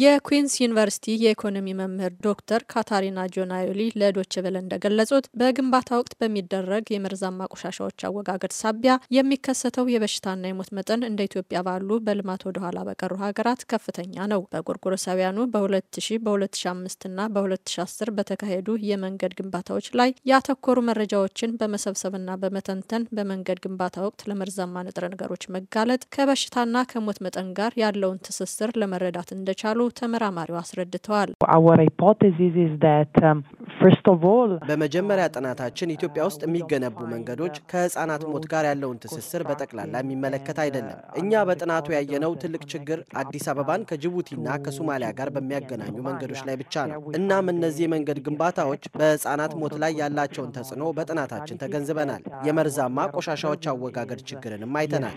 የኩዊንስ ዩኒቨርሲቲ የኢኮኖሚ መምህር ዶክተር ካታሪና ጆናዮሊ ለዶች ብል እንደገለጹት በግንባታ ወቅት በሚደረግ የመርዛማ ቆሻሻዎች አወጋገድ ሳቢያ የሚከሰተው የበሽታና የሞት መጠን እንደ ኢትዮጵያ ባሉ በልማት ወደኋላ በቀሩ ሀገራት ከፍተኛ ነው። በጎርጎሮሳውያኑ በ2000 በ2005 እና በ2010 በተካሄዱ የመንገድ ግንባታዎች ላይ ያተኮሩ መረጃዎችን በመሰብሰብና በመተንተን በመንገድ ግንባታ ወቅት ለመርዛማ ንጥረ ነገሮች መጋለጥ ከበሽታና ከሞት መጠን ጋር ያለውን ትስስር ለመረዳት እንደቻሉ ተመራማሪው አስረድተዋል። um, በመጀመሪያ ጥናታችን ኢትዮጵያ ውስጥ የሚገነቡ መንገዶች ከህጻናት ሞት ጋር ያለውን ትስስር በጠቅላላ የሚመለከት አይደለም። እኛ በጥናቱ ያየነው ትልቅ ችግር አዲስ አበባን ከጅቡቲና ከሶማሊያ ጋር በሚያገናኙ መንገዶች ላይ ብቻ ነው። እናም እነዚህ የመንገድ ግንባታዎች በህጻናት ሞት ላይ ያላቸውን ተጽዕኖ በጥናታችን ተገንዝበናል። የመርዛማ ቆሻሻዎች አወጋገድ ችግርንም አይተናል።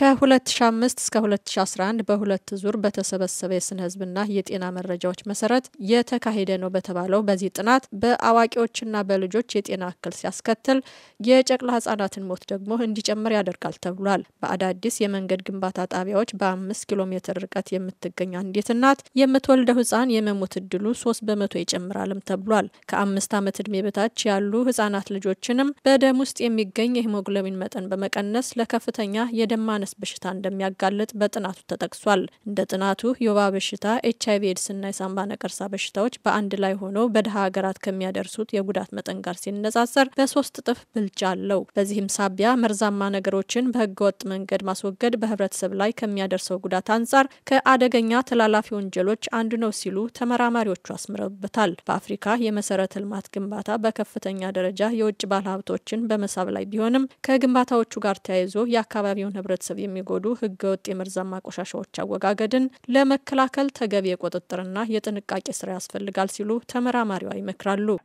ከ2005 እስከ 2011 በሁለት ዙር በተሰበሰበ የስነ ህዝብና የጤና መረጃዎች መሰረት የተካሄደ ነው በተባለው በዚህ ጥናት በአዋቂዎችና በልጆች የጤና እክል ሲያስከትል የጨቅላ ህጻናትን ሞት ደግሞ እንዲጨምር ያደርጋል ተብሏል። በአዳዲስ የመንገድ ግንባታ ጣቢያዎች በአምስት ኪሎ ሜትር ርቀት የምትገኝ አንዲት እናት የምትወልደው ህጻን የመሞት እድሉ ሶስት በመቶ ይጨምራልም ተብሏል። ከአምስት ዓመት እድሜ በታች ያሉ ህጻናት ልጆችንም በደም ውስጥ የሚገኝ የሂሞግሎቢን መጠን በመቀነስ ለከፍተኛ የደማ የማነስ በሽታ እንደሚያጋልጥ በጥናቱ ተጠቅሷል። እንደ ጥናቱ የወባ በሽታ፣ ኤች አይቪ ኤድስና የሳምባ ነቀርሳ በሽታዎች በአንድ ላይ ሆነው በድሃ ሀገራት ከሚያደርሱት የጉዳት መጠን ጋር ሲነጻጸር በሶስት እጥፍ ብልጫ አለው። በዚህም ሳቢያ መርዛማ ነገሮችን በህገወጥ መንገድ ማስወገድ በህብረተሰብ ላይ ከሚያደርሰው ጉዳት አንጻር ከአደገኛ ተላላፊ ወንጀሎች አንዱ ነው ሲሉ ተመራማሪዎቹ አስምረውበታል። በአፍሪካ የመሰረተ ልማት ግንባታ በከፍተኛ ደረጃ የውጭ ባለሀብቶችን በመሳብ ላይ ቢሆንም ከግንባታዎቹ ጋር ተያይዞ የአካባቢውን ህብረ ህብረተሰብ የሚጎዱ ህገወጥ የመርዛማ ቆሻሻዎች አወጋገድን ለመከላከል ተገቢ የቁጥጥርና የጥንቃቄ ስራ ያስፈልጋል ሲሉ ተመራማሪዋ ይመክራሉ። uh,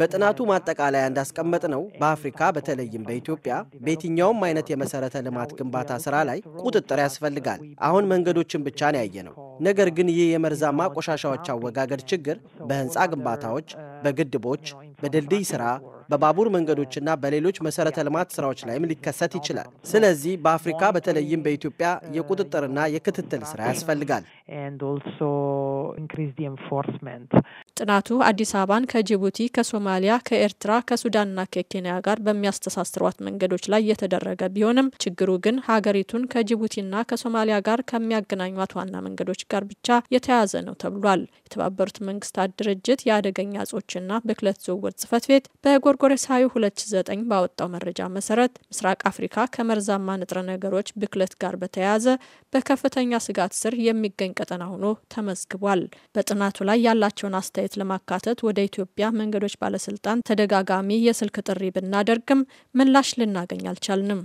በጥናቱ ማጠቃለያ እንዳስቀመጥ ነው በአፍሪካ በተለይም በኢትዮጵያ በየትኛውም አይነት የመሰረተ ልማት ግንባታ ስራ ላይ ቁጥጥር ያስፈልጋል። አሁን መንገዶችን ብቻ ነው ያየ ነው። ነገር ግን ይህ የመርዛማ ቆሻሻዎች አወጋገድ ችግር በህንፃ ግንባታዎች፣ በግድቦች፣ በድልድይ ስራ በባቡር መንገዶችና በሌሎች መሰረተ ልማት ስራዎች ላይም ሊከሰት ይችላል። ስለዚህ በአፍሪካ በተለይም በኢትዮጵያ የቁጥጥርና የክትትል ስራ ያስፈልጋል። ጥናቱ አዲስ አበባን ከጅቡቲ፣ ከሶማሊያ፣ ከኤርትራ፣ ከሱዳንና ከኬንያ ጋር በሚያስተሳስሯት መንገዶች ላይ የተደረገ ቢሆንም ችግሩ ግን ሀገሪቱን ከጅቡቲና ከሶማሊያ ጋር ከሚያገናኟት ዋና መንገዶች ጋር ብቻ የተያያዘ ነው ተብሏል። የተባበሩት መንግስታት ድርጅት የአደገኛ እጾችና ብክለት ዝውውር ጽህፈት ቤት በጎርጎሬሳዊ 2009 ባወጣው መረጃ መሰረት ምስራቅ አፍሪካ ከመርዛማ ንጥረ ነገሮች ብክለት ጋር በተያያዘ በከፍተኛ ስጋት ስር የሚገኝ ቀጠና ሆኖ ተመዝግቧል። በጥናቱ ላይ ያላቸውን አስተ አስተያየት ለማካተት ወደ ኢትዮጵያ መንገዶች ባለስልጣን ተደጋጋሚ የስልክ ጥሪ ብናደርግም ምላሽ ልናገኝ አልቻልንም።